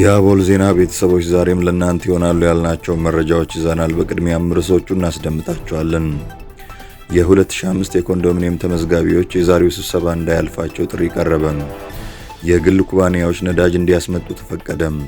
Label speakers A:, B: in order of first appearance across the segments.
A: የአቦል ዜና ቤተሰቦች ዛሬም ለእናንተ ይሆናሉ ያልናቸው መረጃዎች ይዘናል። በቅድሚያም ርዕሶቹ እናስደምጣቸዋለን። የ2005 የኮንዶሚኒየም ተመዝጋቢዎች የዛሬው ስብሰባ እንዳያልፋቸው ጥሪ ቀረበም። የግል ኩባንያዎች ነዳጅ እንዲያስመጡ ተፈቀደም።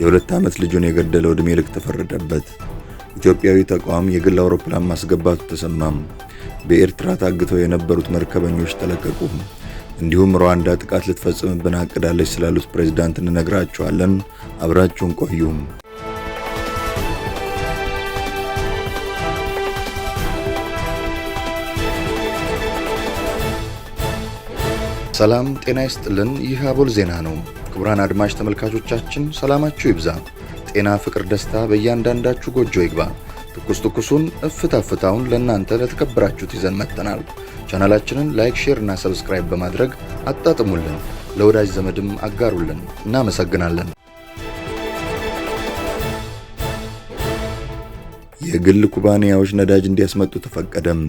A: የሁለት ዓመት ልጁን የገደለው ዕድሜ ልክ ተፈረደበት። ኢትዮጵያዊ ተቋም የግል አውሮፕላን ማስገባቱ ተሰማም። በኤርትራ ታግተው የነበሩት መርከበኞች ተለቀቁ። እንዲሁም ሩዋንዳ ጥቃት ልትፈጽምብን አቅዳለች ስላሉት ፕሬዝዳንት እንነግራችኋለን። አብራችሁን ቆዩም።
B: ሰላም ጤና ይስጥልን። ይህ አቦል ዜና ነው። ክቡራን አድማጭ ተመልካቾቻችን ሰላማችሁ ይብዛ፣ ጤና፣ ፍቅር፣ ደስታ በእያንዳንዳችሁ ጎጆ ይግባ። ትኩስ ትኩሱን እፍታ ፍታውን ለእናንተ ለተከበራችሁት ይዘን መጥተናል። ቻናላችንን ላይክ፣ ሼር እና ሰብስክራይብ በማድረግ አጣጥሙልን፣ ለወዳጅ ዘመድም አጋሩልን። እናመሰግናለን።
A: የግል ኩባንያዎች ነዳጅ እንዲያስመጡ ተፈቀደም።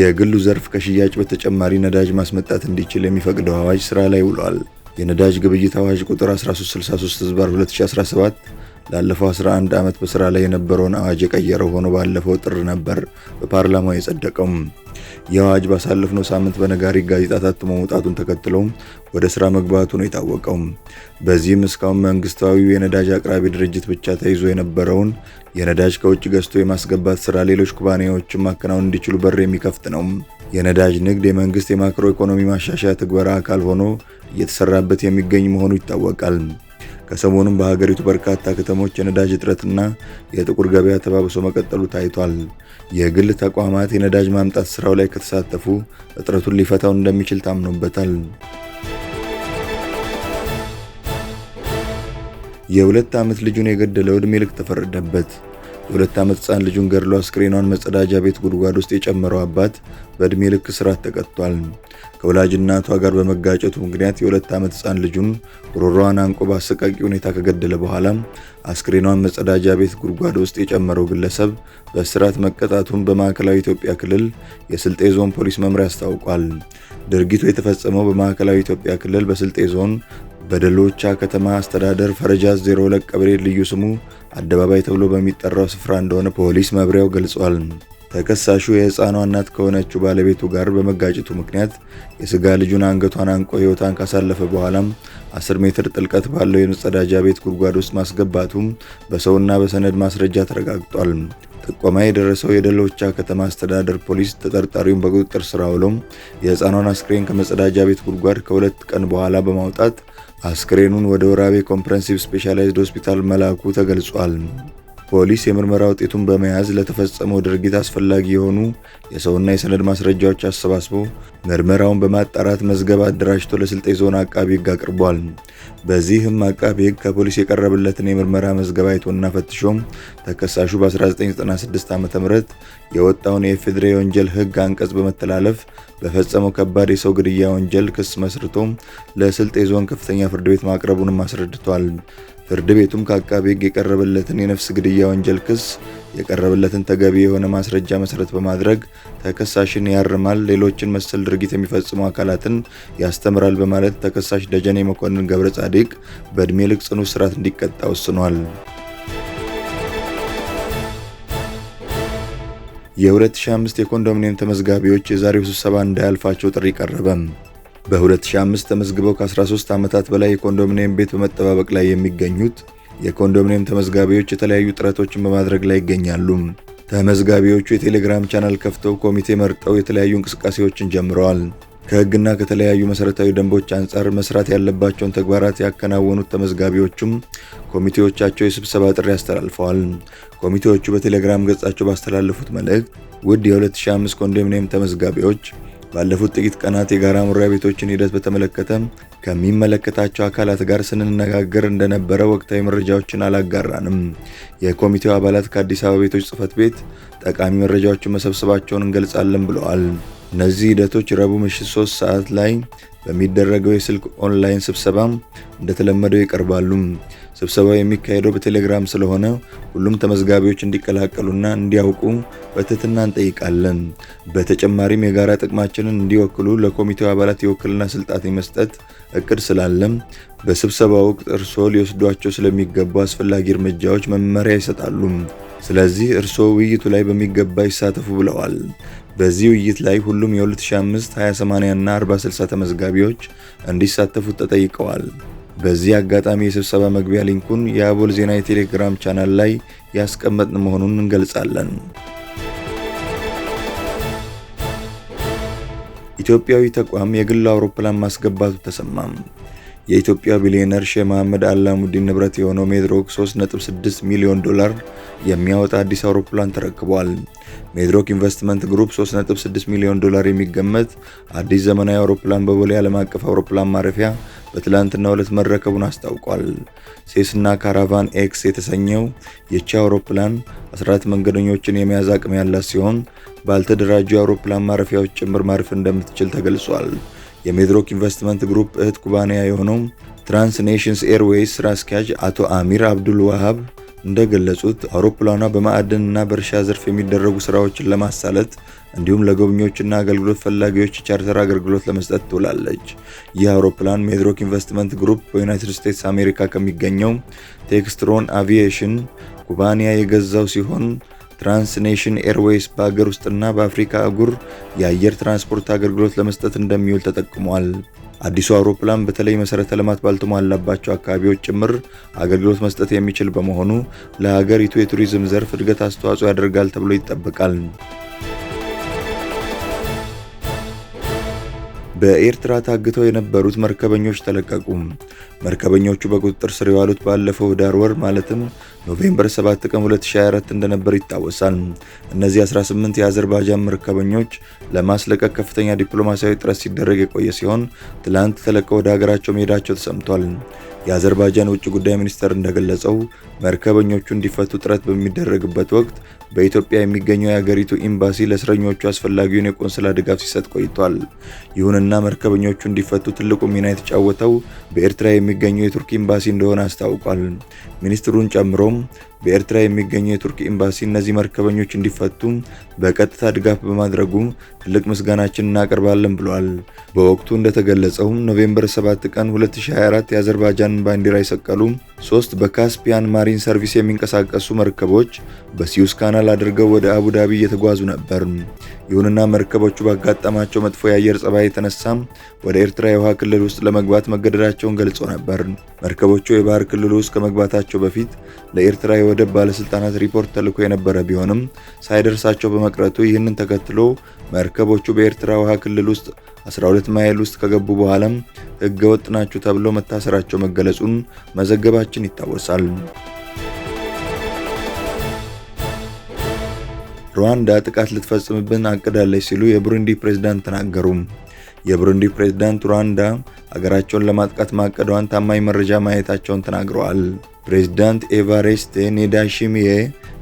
A: የግሉ ዘርፍ ከሽያጭ በተጨማሪ ነዳጅ ማስመጣት እንዲችል የሚፈቅደው አዋጅ ስራ ላይ ውሏል። የነዳጅ ግብይት አዋጅ ቁጥር 1363/2017 ላለፈው 11 ዓመት በስራ ላይ የነበረውን አዋጅ የቀየረው ሆኖ ባለፈው ጥር ነበር በፓርላማው የጸደቀው። ይህ አዋጅ ባሳለፍነው ሳምንት በነጋሪት ጋዜጣ ታትሞ መውጣቱን ተከትሎ ወደ ስራ መግባቱ ነው የታወቀው። በዚህም እስካሁን መንግስታዊው የነዳጅ አቅራቢ ድርጅት ብቻ ተይዞ የነበረውን የነዳጅ ከውጭ ገዝቶ የማስገባት ስራ ሌሎች ኩባንያዎችን ማከናወን እንዲችሉ በር የሚከፍት ነው። የነዳጅ ንግድ የመንግስት የማክሮ ኢኮኖሚ ማሻሻያ ትግበራ አካል ሆኖ እየተሰራበት የሚገኝ መሆኑ ይታወቃል። ከሰሞኑም በሀገሪቱ በርካታ ከተሞች የነዳጅ እጥረትና የጥቁር ገበያ ተባብሶ መቀጠሉ ታይቷል። የግል ተቋማት የነዳጅ ማምጣት ስራው ላይ ከተሳተፉ እጥረቱን ሊፈታው እንደሚችል ታምኖበታል። የሁለት ዓመት ልጁን የገደለው ዕድሜ ልክ ተፈረደበት። የሁለት ዓመት ህፃን ልጁን ገድሎ አስክሬኗን መጸዳጃ ቤት ጉድጓድ ውስጥ የጨመረው አባት በዕድሜ ልክ እስራት ተቀጥቷል። ከወላጅ እናቷ ጋር በመጋጨቱ ምክንያት የሁለት ዓመት ህፃን ልጁን ጉሮሯዋን አንቆ በአሰቃቂ ሁኔታ ከገደለ በኋላ አስክሬኗን መጸዳጃ ቤት ጉድጓድ ውስጥ የጨመረው ግለሰብ በእስራት መቀጣቱን በማዕከላዊ ኢትዮጵያ ክልል የስልጤ ዞን ፖሊስ መምሪያ አስታውቋል። ድርጊቱ የተፈጸመው በማዕከላዊ ኢትዮጵያ ክልል በስልጤ ዞን በደሎቻ ከተማ አስተዳደር ፈረጃ 02 ቀበሌ ልዩ ስሙ አደባባይ ተብሎ በሚጠራው ስፍራ እንደሆነ ፖሊስ መብሪያው ገልጿል። ተከሳሹ የህፃኗ እናት ከሆነችው ባለቤቱ ጋር በመጋጨቱ ምክንያት የስጋ ልጁን አንገቷን አንቆ ሕይወቷን ካሳለፈ በኋላም 10 ሜትር ጥልቀት ባለው የመጸዳጃ ቤት ጉድጓድ ውስጥ ማስገባቱም በሰውና በሰነድ ማስረጃ ተረጋግጧል። ጥቆማ የደረሰው የደሎቻ ከተማ አስተዳደር ፖሊስ ተጠርጣሪውን በቁጥጥር ስር አውሎም የህፃኗን አስክሬን ከመጸዳጃ ቤት ጉድጓድ ከሁለት ቀን በኋላ በማውጣት አስክሬኑን ወደ ወራቤ ኮምፕረንሲቭ ስፔሻላይዝድ ሆስፒታል መላኩ ተገልጿል። ፖሊስ የምርመራ ውጤቱን በመያዝ ለተፈጸመው ድርጊት አስፈላጊ የሆኑ የሰውና የሰነድ ማስረጃዎች አሰባስቦ ምርመራውን በማጣራት መዝገብ አደራጅቶ ለስልጤ ዞን አቃቢ ህግ አቅርቧል። በዚህም አቃቢ ህግ ከፖሊስ የቀረበለትን የምርመራ መዝገብ አይቶና ፈትሾም ተከሳሹ በ1996 ዓ ም የወጣውን የኢፌዴሪ ወንጀል ህግ አንቀጽ በመተላለፍ በፈጸመው ከባድ የሰው ግድያ ወንጀል ክስ መስርቶ ለስልጤ ዞን ከፍተኛ ፍርድ ቤት ማቅረቡንም አስረድቷል። ፍርድ ቤቱም ከአቃቢ ህግ የቀረበለትን የነፍስ ግድያ ወንጀል ክስ የቀረበለትን ተገቢ የሆነ ማስረጃ መሰረት በማድረግ ተከሳሽን ያርማል፣ ሌሎችን መሰል ድርጊት የሚፈጽሙ አካላትን ያስተምራል በማለት ተከሳሽ ደጀኔ መኮንን ገብረ ጻዲቅ በእድሜ ልክ ጽኑ እስራት እንዲቀጣ ወስኗል። የ2005 የኮንዶሚኒየም ተመዝጋቢዎች የዛሬው ስብሰባ እንዳያልፋቸው ጥሪ ቀረበም። በ2005 ተመዝግበው ከ13 ዓመታት በላይ የኮንዶሚኒየም ቤት በመጠባበቅ ላይ የሚገኙት የኮንዶሚኒየም ተመዝጋቢዎች የተለያዩ ጥረቶችን በማድረግ ላይ ይገኛሉ። ተመዝጋቢዎቹ የቴሌግራም ቻናል ከፍተው ኮሚቴ መርጠው የተለያዩ እንቅስቃሴዎችን ጀምረዋል። ከህግና ከተለያዩ መሰረታዊ ደንቦች አንጻር መስራት ያለባቸውን ተግባራት ያከናወኑት ተመዝጋቢዎቹም ኮሚቴዎቻቸው የስብሰባ ጥሪ አስተላልፈዋል። ኮሚቴዎቹ በቴሌግራም ገጻቸው ባስተላለፉት መልእክት ውድ የ2005 ኮንዶሚኒየም ተመዝጋቢዎች ባለፉት ጥቂት ቀናት የጋራ መኖሪያ ቤቶችን ሂደት በተመለከተ ከሚመለከታቸው አካላት ጋር ስንነጋገር እንደነበረ ወቅታዊ መረጃዎችን አላጋራንም። የኮሚቴው አባላት ከአዲስ አበባ ቤቶች ጽፈት ቤት ጠቃሚ መረጃዎችን መሰብሰባቸውን እንገልጻለን ብለዋል። እነዚህ ሂደቶች ረቡዕ ምሽት 3 ሰዓት ላይ በሚደረገው የስልክ ኦንላይን ስብሰባ እንደተለመደው ይቀርባሉ። ስብሰባው የሚካሄደው በቴሌግራም ስለሆነ ሁሉም ተመዝጋቢዎች እንዲቀላቀሉና እንዲያውቁ በትህትና እንጠይቃለን። በተጨማሪም የጋራ ጥቅማችንን እንዲወክሉ ለኮሚቴው አባላት የውክልና ስልጣት የመስጠት እቅድ ስላለም በስብሰባው ወቅት እርስዎ ሊወስዷቸው ስለሚገቡ አስፈላጊ እርምጃዎች መመሪያ ይሰጣሉ። ስለዚህ እርስዎ ውይይቱ ላይ በሚገባ ይሳተፉ ብለዋል። በዚህ ውይይት ላይ ሁሉም የ2005፣ 28ና እና ተመዝጋቢዎች እንዲሳተፉ ተጠይቀዋል። በዚህ አጋጣሚ የስብሰባ መግቢያ ሊንኩን የአቦል ዜና የቴሌግራም ቻናል ላይ ያስቀመጥን መሆኑን እንገልጻለን። ኢትዮጵያዊ ተቋም የግል አውሮፕላን ማስገባቱ ተሰማም። የኢትዮጵያ ቢሊዮነር ሼህ መሐመድ አላሙዲን ንብረት የሆነው ሜድሮክ 3.6 ሚሊዮን ዶላር የሚያወጣ አዲስ አውሮፕላን ተረክቧል። ሜድሮክ ኢንቨስትመንት ግሩፕ 36 ሚሊዮን ዶላር የሚገመት አዲስ ዘመናዊ አውሮፕላን በቦሌ ዓለም አቀፍ አውሮፕላን ማረፊያ በትላንትናው ዕለት መረከቡን አስታውቋል። ሴስና ካራቫን ኤክስ የተሰኘው የቻ አውሮፕላን 14 መንገደኞችን የመያዝ አቅም ያላት ሲሆን ባልተደራጁ የአውሮፕላን ማረፊያዎች ጭምር ማረፍ እንደምትችል ተገልጿል። የሜድሮክ ኢንቨስትመንት ግሩፕ እህት ኩባንያ የሆነው ትራንስ ኔሽንስ ኤርዌይስ ስራ አስኪያጅ አቶ አሚር አብዱል ዋሃብ እንደገለጹት አውሮፕላኗ እና በእርሻ ዘርፍ የሚደረጉ ስራዎችን ለማሳለጥ እንዲሁም ለጎብኚዎችና አገልግሎት ፈላጊዎች ቻርተር አገልግሎት ለመስጠት ትውላለች። ይህ አውሮፕላን ሜድሮክ ኢንቨስትመንት ግሩፕ በዩናይትድ ስቴትስ አሜሪካ ከሚገኘው ቴክስትሮን አቪዬሽን ኩባንያ የገዛው ሲሆን ትራንስኔሽን ኤርዌይስ በአገር ውስጥና በአፍሪካ አህጉር የአየር ትራንስፖርት አገልግሎት ለመስጠት እንደሚውል ተጠቅሟል። አዲሱ አውሮፕላን በተለይ መሰረተ ልማት ባልተሟላባቸው አካባቢዎች ጭምር አገልግሎት መስጠት የሚችል በመሆኑ ለሀገሪቱ የቱሪዝም ዘርፍ እድገት አስተዋጽኦ ያደርጋል ተብሎ ይጠበቃል። በኤርትራ ታግተው የነበሩት መርከበኞች ተለቀቁ። መርከበኞቹ በቁጥጥር ስር የዋሉት ባለፈው ዳር ወር ማለትም ኖቬምበር 7 ቀን 2024 እንደነበር ይታወሳል። እነዚህ 18 የአዘርባጃን መርከበኞች ለማስለቀቅ ከፍተኛ ዲፕሎማሲያዊ ጥረት ሲደረግ የቆየ ሲሆን ትላንት ተለቀው ወደ ሀገራቸው መሄዳቸው ተሰምቷል። የአዘርባጃን ውጭ ጉዳይ ሚኒስቴር እንደገለጸው መርከበኞቹ እንዲፈቱ ጥረት በሚደረግበት ወቅት በኢትዮጵያ የሚገኘው የሀገሪቱ ኤምባሲ ለእስረኞቹ አስፈላጊውን የቆንስላ ድጋፍ ሲሰጥ ቆይቷል። ይሁንና መርከበኞቹ እንዲፈቱ ትልቁ ሚና የተጫወተው በኤርትራ የሚገኘው የቱርክ ኤምባሲ እንደሆነ አስታውቋል። ሚኒስትሩን ጨምሮም በኤርትራ የሚገኘው የቱርክ ኤምባሲ እነዚህ መርከበኞች እንዲፈቱም በቀጥታ ድጋፍ በማድረጉ ትልቅ ምስጋናችን እናቀርባለን ብሏል። በወቅቱ እንደተገለጸው ኖቬምበር 7 ቀን 2024 የአዘርባጃን ባንዲራ የሰቀሉ ሶስት በካስፒያን ማሪን ሰርቪስ የሚንቀሳቀሱ መርከቦች በሲዩስ ካናል አድርገው ወደ አቡዳቢ እየተጓዙ ነበር። ይሁንና መርከቦቹ ባጋጠማቸው መጥፎ የአየር ጸባይ የተነሳ ወደ ኤርትራ የውሃ ክልል ውስጥ ለመግባት መገደዳቸውን ገልጾ ነበር። መርከቦቹ የባህር ክልል ውስጥ ከመግባታቸው በፊት ለኤርትራ ወደ ባለስልጣናት ሪፖርት ተልኮ የነበረ ቢሆንም ሳይደርሳቸው በመቅረቱ ይህንን ተከትሎ መርከቦቹ በኤርትራ ውሃ ክልል ውስጥ 12 ማይል ውስጥ ከገቡ በኋላም ህገ ወጥ ናችሁ ተብሎ መታሰራቸው መገለጹን መዘገባችን ይታወሳል። ሩዋንዳ ጥቃት ልትፈጽምብን አቅዳለች ሲሉ የብሩንዲ ፕሬዝዳንት ተናገሩ። የብሩንዲ ፕሬዝዳንት ሩዋንዳ ሀገራቸውን ለማጥቃት ማቀዷን ታማኝ መረጃ ማየታቸውን ተናግረዋል። ፕሬዚዳንት ኤቫሬስቴ ኔዳይሺሚዬ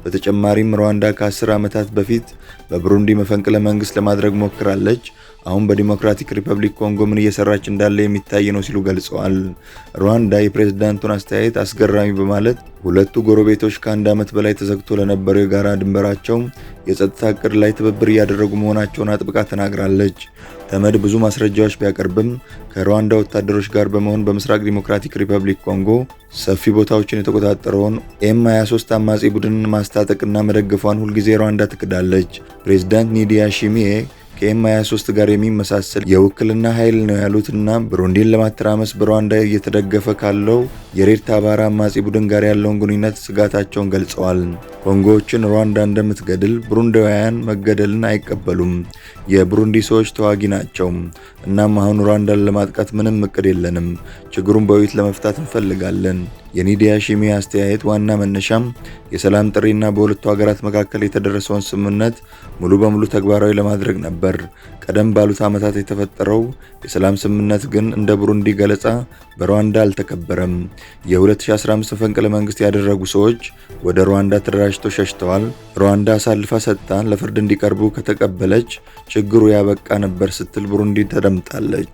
A: በተጨማሪም ሩዋንዳ ከ10 ዓመታት በፊት በብሩንዲ መፈንቅለ መንግስት ለማድረግ ሞክራለች አሁን በዲሞክራቲክ ሪፐብሊክ ኮንጎ ምን እየሰራች እንዳለ የሚታይ ነው ሲሉ ገልጸዋል። ሩዋንዳ የፕሬዝዳንቱን አስተያየት አስገራሚ በማለት ሁለቱ ጎረቤቶች ከአንድ ዓመት በላይ ተዘግቶ ለነበረው የጋራ ድንበራቸው የጸጥታ እቅድ ላይ ትብብር እያደረጉ መሆናቸውን አጥብቃ ተናግራለች። ተመድ ብዙ ማስረጃዎች ቢያቀርብም ከሩዋንዳ ወታደሮች ጋር በመሆን በምስራቅ ዲሞክራቲክ ሪፐብሊክ ኮንጎ ሰፊ ቦታዎችን የተቆጣጠረውን ኤም 23 አማጺ ቡድንን ማስታጠቅና መደገፏን ሁልጊዜ ሩዋንዳ ትክዳለች። ፕሬዚዳንት ኒዲያ ሺሚዬ ከኤም 23 ጋር የሚመሳሰል የውክልና ኃይል ነው ያሉትና ብሩንዲን ለማተራመስ በሩዋንዳ እየተደገፈ ካለው የሬድ ታባራ አማጺ ቡድን ጋር ያለውን ግንኙነት ስጋታቸውን ገልጸዋል። ኮንጎዎችን ሩዋንዳ እንደምትገድል ብሩንዳውያን መገደልን አይቀበሉም። የብሩንዲ ሰዎች ተዋጊ ናቸው። እናም አሁን ሩዋንዳን ለማጥቃት ምንም እቅድ የለንም። ችግሩን በውይይት ለመፍታት እንፈልጋለን። የኒዲያ ሺሚ አስተያየት ዋና መነሻም የሰላም ጥሪና በሁለቱ ሀገራት መካከል የተደረሰውን ስምምነት ሙሉ በሙሉ ተግባራዊ ለማድረግ ነበር። ቀደም ባሉት ዓመታት የተፈጠረው የሰላም ስምምነት ግን እንደ ቡሩንዲ ገለጻ በሩዋንዳ አልተከበረም። የ2015 ፈንቅለ መንግስት ያደረጉ ሰዎች ወደ ሩዋንዳ ተደራጅተው ሸሽተዋል። ሩዋንዳ አሳልፋ ሰጥታ ለፍርድ እንዲቀርቡ ከተቀበለች ችግሩ ያበቃ ነበር ስትል ቡሩንዲ ተደምጣለች።